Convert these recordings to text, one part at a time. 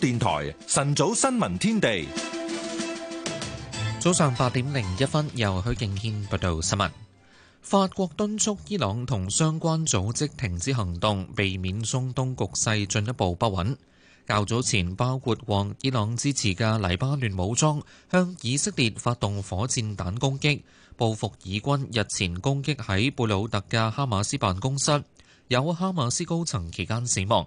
電台晨早新聞天地，早上八點零一分，由許敬軒報道新聞。法國敦促伊朗同相關組織停止行動，避免中東局勢進一步不穩。較早前，包括獲伊朗支持嘅黎巴嫩武裝向以色列發動火箭彈攻擊，報復以軍日前攻擊喺貝魯特嘅哈馬斯辦公室，有哈馬斯高層期間死亡。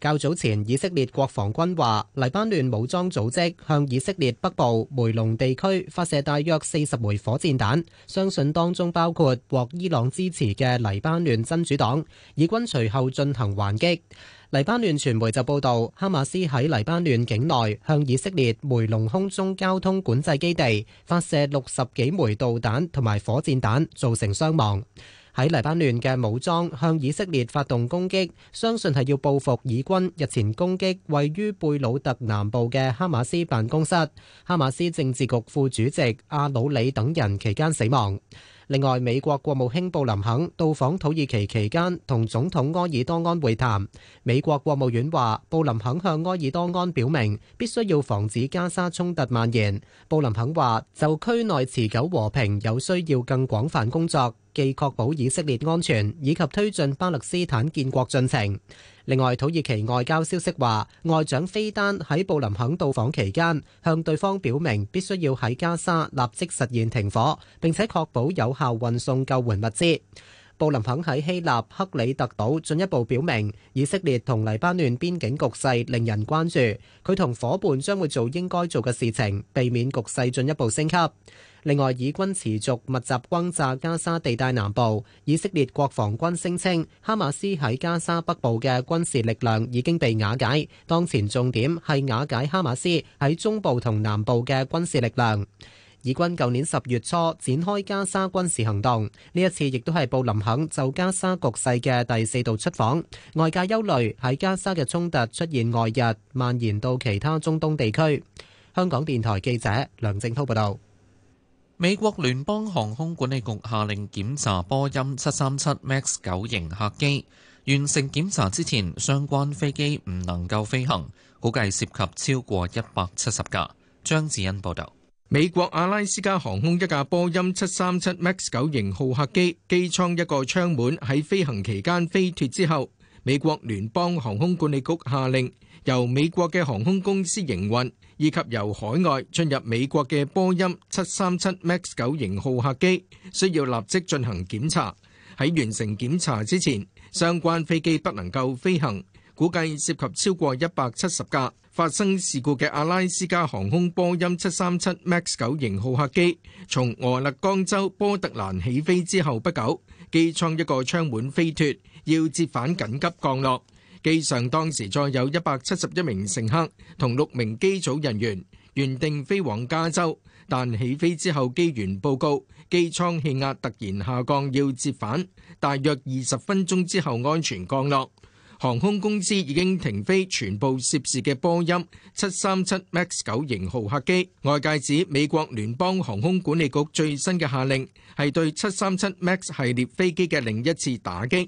較早前以色列國防軍話,黎巴嫩武裝組織向以色列北部梅隆地區發射大約四十枚火箭彈,相信當中包括獲伊朗支持嘅黎巴嫩真主黨以軍隨後進行還擊。黎巴嫩傳媒就報道哈馬斯喺黎巴嫩境內向以色列梅隆空中交通管制基地發射六十幾枚導彈同埋火箭彈造成傷亡。喺黎巴嫩嘅武裝向以色列發動攻擊，相信係要報復以軍日前攻擊位於貝魯特南部嘅哈馬斯辦公室，哈馬斯政治局副主席阿魯里等人期間死亡。另外，美國國務卿布林肯到訪土耳其期間同總統另外，土耳其外交消息話，外長菲丹喺布林肯到訪期間，向對方表明必須要喺加沙立即實現停火，並且確保有效運送救援物資。布林肯喺希臘克里特島進一步表明，以色列同黎巴嫩邊境局勢令人關注。佢同夥伴將會做應該做嘅事情，避免局勢進一步升級。另外，以軍持續密集轟炸加沙地帶南部。以色列國防軍聲稱，哈馬斯喺加沙北部嘅軍事力量已經被瓦解。當前重點係瓦解哈馬斯喺中部同南部嘅軍事力量。以軍舊年十月初展開加沙軍事行動，呢一次亦都係布林肯就加沙局勢嘅第四度出訪。外界憂慮喺加沙嘅衝突出現外溢，蔓延到其他中東地區。香港電台記者梁正滔報導。美國聯邦航空管理局下令檢查波音七三七 MAX 九型客機，完成檢查之前，相關飛機唔能夠飛行。估計涉及超過一百七十架。張智恩報導。美國阿拉斯加航空一架波音七三七 MAX 九型號客機機艙一個窗門喺飛行期間飛脫之後，美國聯邦航空管理局下令由美國嘅航空公司營運以及由海外進入美國嘅波音七三七 MAX 九型號客機需要立即進行檢查。喺完成檢查之前，相關飛機不能夠飛行，估計涉及超過一百七十架。發生事故嘅阿拉斯加航空波音737 MAX 9型號客機從俄勒岡州波特蘭起飛之後，不久機艙一個窗門飛脫，要折返緊急降落。機上當時再有171名乘客同六名機組人員，原定飛往加州，但起飛之後機員報告機艙氣壓突然下降，要折返，大約20分鐘之後安全降落。航空公司已經停飛全部涉事嘅波音七三七 MAX 九型號客機。外界指美國聯邦航空管理局最新嘅下令係對七三七 MAX 系列飛機嘅另一次打擊。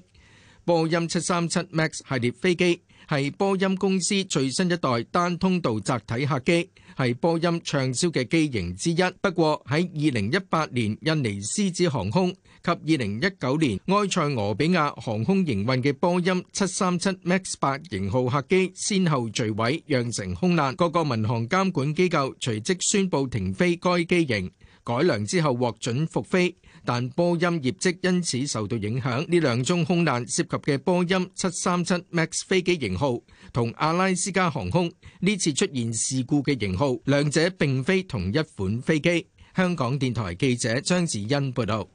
波音七三七 MAX 系列飛機，係波音公司最新一代單通道窄體客機，係波音暢銷嘅機型之一。不過喺二零一八年印尼獅子航空及二零一九年埃塞俄比亞航空營運嘅波音七三七 MAX 八型號客機，先後墜毀，釀成空難。各個民航監管機構隨即宣布停飛該機型。改良之後獲准復飛，但波音業績因此受到影響。呢兩宗空難涉及嘅波音七三七 MAX 飛機型號，同阿拉斯加航空呢次出現事故嘅型號，兩者並非同一款飛機。香港電台記者張子欣報導。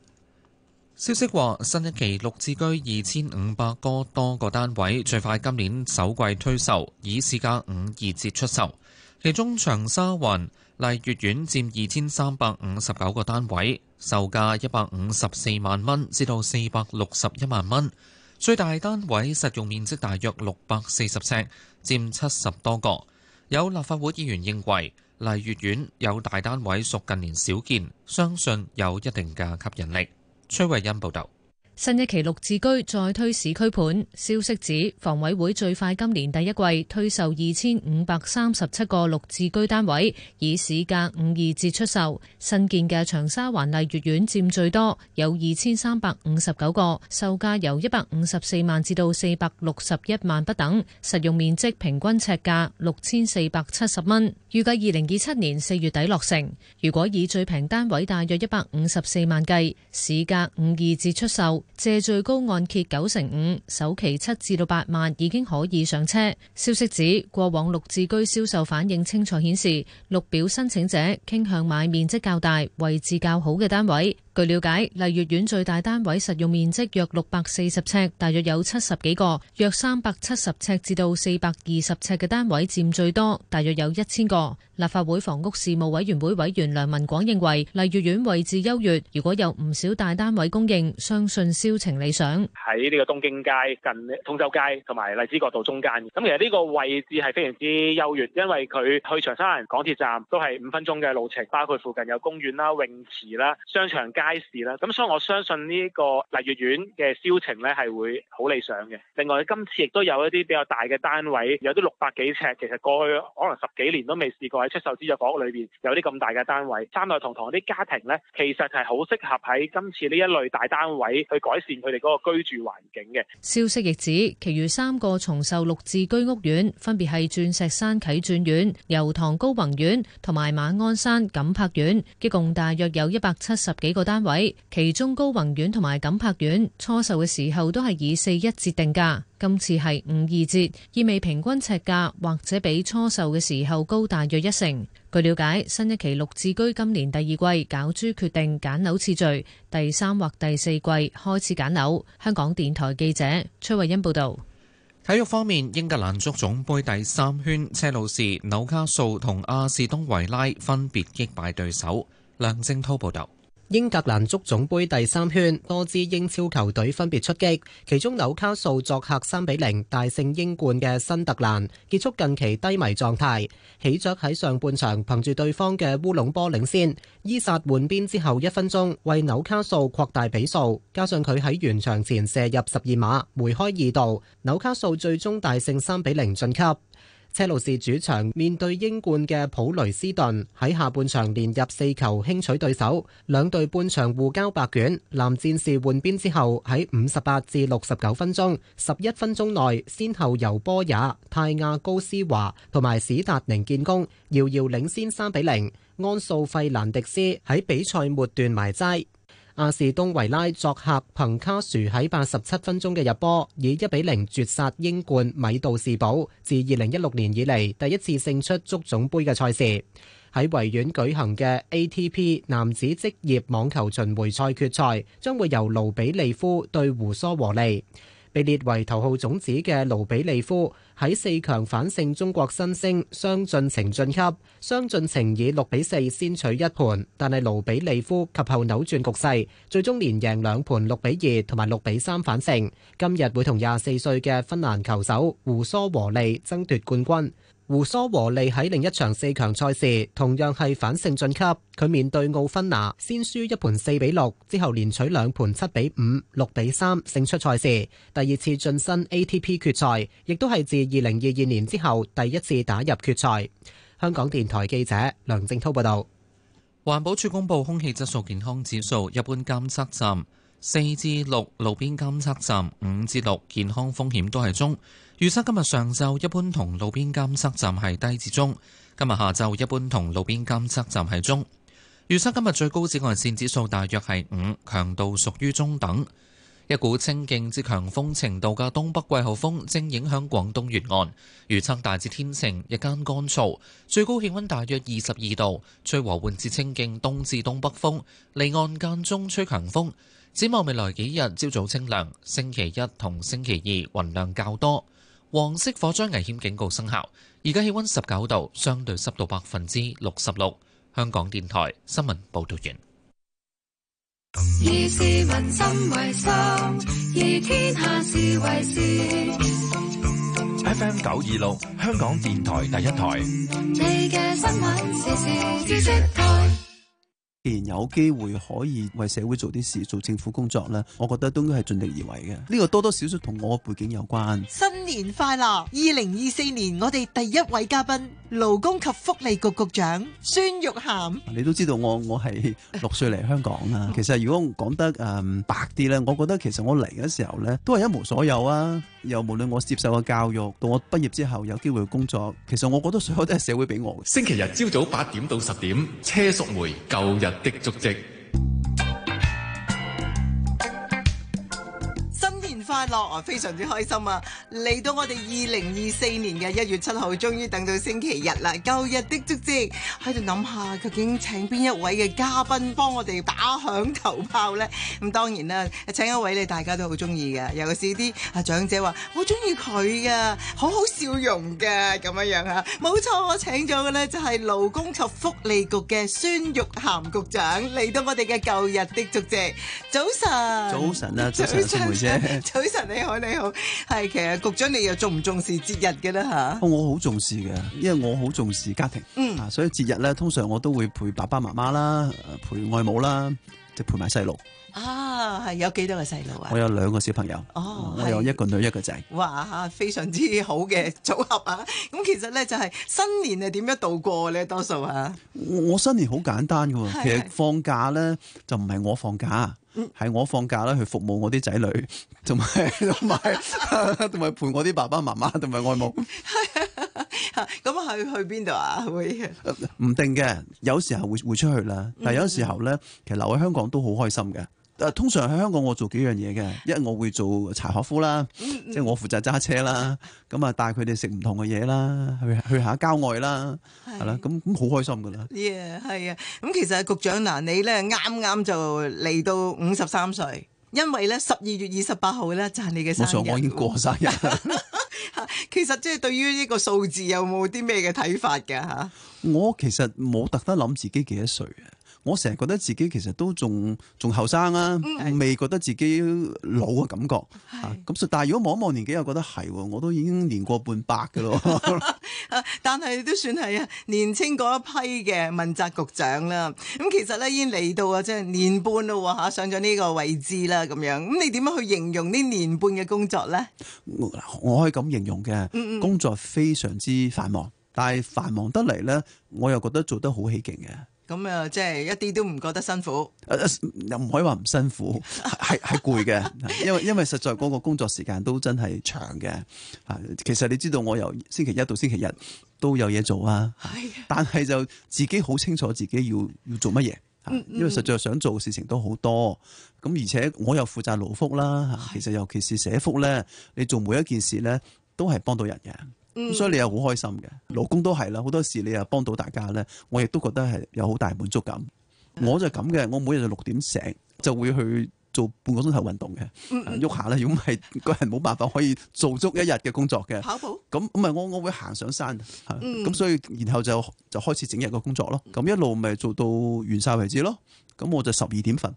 消息話，新一期綠置居二千五百個多個單位，最快今年首季推售，以市價五二折出售。其中長沙灣麗玥苑佔二千三百五十九個單位，售價一百五十四萬蚊至到四百六十一萬蚊，最大單位實用面積大約六百四十尺，佔七十多個。有立法會議員認為，麗玥苑有大單位屬近年少見，相信有一定嘅吸引力。崔慧欣報道。新一期綠置居再推市區盤，消息指房委會最快今年第一季推售二千五百三十七個綠置居單位，以市價五二折出售。新建嘅長沙灣麗月苑佔最多，有二千三百五十九個，售價由一百五十四萬至到四百六十一萬不等，實用面積平均尺價六千四百七十蚊。預計二零二七年四月底落成。如果以最平單位大約一百五十四萬計，市價五二折出售。借最高按揭九成五，首期七至到八萬已經可以上車。消息指，過往綠置居銷售反應清楚顯示，綠表申請者傾向買面積較大、位置較好嘅單位。據了解，麗月苑最大單位實用面積約640呎，大約有70幾個，約370呎至到420呎的單位佔最多，大約有1000個。立法會房屋事務委員會委員梁文廣認為，麗月苑位置優越，如果有唔少大單位供應，相信銷情理想。喺呢個東京街近通州街同埋荔枝角道中間，咁其實呢個位置係非常之優越，因為佢去長沙灣港鐵站都係5分鐘嘅路程，包括附近有公園啦、泳池啦、商場街。街市啦，咁所以我相信呢個麗月苑嘅銷情呢係會好理想嘅。另外，今次亦都有一啲比較大嘅單位，有啲六百幾尺，其實過去可能十幾年都未試過喺出售資助房屋裏邊有啲咁大嘅單位。三代同堂啲家庭呢，其實係好適合喺今次呢一類大單位去改善佢哋嗰個居住環境嘅。消息亦指，其餘三個重售六字居屋苑，分別係鑽石山啟鑽苑、油塘高宏苑同埋馬鞍山錦柏苑，一共大約有一百七十幾個單位。單位，其中高宏苑同埋錦柏苑初售嘅時候都係以四一折定價，今次係五二折，意味平均尺價或者比初售嘅時候高大約一成。據了解，新一期綠置居今年第二季攪珠決定揀樓次序，第三或第四季開始揀樓。香港電台記者崔慧欣報道。體育方面，英格蘭足總盃第三圈，車路士、紐卡素同阿士東維拉分別擊敗對手。梁正濤報道。英格蘭足總盃第三圈，多支英超球隊分別出擊，其中紐卡素作客三比零大勝英冠嘅新特蘭，結束近期低迷狀態。喜鵲喺上半場憑住對方嘅烏龍波領先，伊薩換邊之後一分鐘為紐卡素擴大比數，加上佢喺完場前射入十二碼，梅開二度，紐卡素最終大勝三比零晉級。車路士主場面對英冠嘅普雷斯頓，喺下半場連入四球輕取對手。兩隊半場互交白卷，藍戰士換邊之後喺五十八至六十九分鐘，十一分鐘內先後由波也、泰亞高斯華同埋史達寧建功，遙遙領先三比零。0, 安素費蘭迪斯喺比賽末段埋齋。阿士東維拉作客彭卡殊，喺八十七分鐘嘅入波，以一比零絕殺英冠米杜士堡，自二零一六年以嚟第一次勝出足總杯嘅賽事。喺維園舉行嘅 ATP 男子職業網球巡迴賽決賽，將會由盧比利夫對胡蘇和利。被列為頭號種子嘅盧比利夫喺四強反勝中國新星商竣程晉級，商竣程以六比四先取一盤，但係盧比利夫及後扭轉局勢，最終連贏兩盤六比二同埋六比三反勝，今日會同廿四歲嘅芬蘭球手胡蘇和利爭奪冠軍。胡蘇和利喺另一場四強賽事同樣係反勝晉級，佢面對奧芬拿先輸一盤四比六，之後連取兩盤七比五、六比三勝出賽事，第二次晉身 ATP 決賽，亦都係自二零二二年之後第一次打入決賽。香港電台記者梁正濤報道。環保署公布空氣質素健康指數，一般監測站，四至六路邊監測站，五至六健康風險都係中。預測今日上晝一般同路邊監測站係低至中。今日下晝一般同路邊監測站係中。預測今日最高紫外線指數大約係五，強度屬於中等。一股清勁至強風程度嘅東北季候風正影響廣東沿岸，預測大致天晴，日間乾燥，最高氣温大約二十二度，吹和緩至清勁東至東北風，離岸間中吹強風。展望未來幾日，朝早清涼，星期一同星期二，雲量較多，黃色火災危險警告生效，而家氣溫十九度，相對濕度百分之六十六。香港電台新聞報導完。以天下事為事。FM 九二六，香港電台第一台。既然有機會可以為社會做啲事，做政府工作咧，我覺得都應該係盡力而為嘅。呢個多多少少同我嘅背景有關。新年快樂！二零二四年我哋第一位嘉賓。勞工及福利局局長孫玉菡，你都知道我我係六歲嚟香港啊。其實如果講得誒、嗯、白啲咧，我覺得其實我嚟嘅時候咧，都係一無所有啊。又無論我接受嘅教育，到我畢業之後有機會工作，其實我覺得所有都係社會俾我嘅。星期日朝早八點到十點，車淑梅舊日的足跡。落非常之開心啊！嚟到，我哋二零二四年嘅一月七號，終於等到星期日啦！舊日的足跡，喺度諗下究竟請邊一位嘅嘉賓幫我哋打響頭炮呢？咁當然啦，請一位你大家都好中意嘅，尤其是啲啊長者話好中意佢噶，好好笑容噶咁樣樣啊，冇錯，我請咗嘅呢就係勞工及福利局嘅孫玉菡局長嚟到我哋嘅舊日的足跡，早晨，早晨啊，早晨，早晨。早晨早晨你好你好。係其實局長你又重唔重視節日嘅咧吓？我好重視嘅，因為我好重視家庭，嗯、啊，所以節日咧通常我都會陪爸爸媽媽啦，陪外母啦，即陪埋細路。啊，係有幾多個細路啊？我有兩個小朋友，哦、我有一個女一個仔。哇，非常之好嘅組合啊！咁其實咧就係、是、新年係點樣度過咧？多數啊我，我新年好簡單嘅，的其實放假咧就唔係我放假。係我放假啦，去服務我啲仔女，同埋同埋同埋陪我啲爸爸媽媽，同埋外母。咁 去去邊度啊？會唔定嘅，有時候會會出去啦，但係有時候咧，其實留喺香港都好開心嘅。誒通常，喺香港，我做幾樣嘢嘅，一係，我會做柴可夫，即係我負責揸車，帶佢哋食唔同嘅嘢，去去下郊外啦，咁開心㗎啦。係啊，咁其實局長嗱，你咧啱啱就嚟到五十三歲，因為咧十二月二十八號咧就係你嘅生日。冇錯，我已經過生日啦。 其實即係對於呢個數字有冇啲咩嘅睇法㗎嚇？我其實冇特登諗自己幾多歲啊。我成日覺得自己其實都仲仲後生啦，嗯、未覺得自己老嘅感覺。咁、嗯、但係如果望一望年紀，又覺得係，我都已經年過半百㗎咯。 但係都算係年青嗰一批嘅問責局長啦。咁其實咧，已經嚟到啊，即係年半咯嚇，嗯、上咗呢個位置啦咁樣。咁你點樣去形容呢年半嘅工作咧？我可以咁形容嘅，嗯嗯工作非常之繁忙，但係繁忙得嚟咧，我又覺得做得好起勁嘅。咁啊，即係一啲都唔覺得辛苦。又唔、啊、可以話唔辛苦，係係攰嘅。 因為因為實在嗰個工作時間都真係長嘅。啊，其實你知道我由星期一到星期日都有嘢做啊。係。但係就自己好清楚自己要要做乜嘢。嗯、啊、因為實在想做嘅事情都好多。咁、啊、而且我又負責勞福啦、啊。其實尤其是社福咧，你做每一件事咧，都係幫到人嘅。嗯、所以你又好開心嘅，老公都係啦，好多時你又幫到大家咧，我亦都覺得係有好大滿足感。嗯、我就咁嘅，我每日六點醒就會去做半個鐘頭運動嘅，喐、嗯、下啦，如果唔係個人冇辦法可以做足一日嘅工作嘅。跑步。咁咁咪我我會行上山，咁、嗯、所以然後就就開始整日嘅工作咯。咁一路咪做到完晒為止咯。咁我就十二點瞓。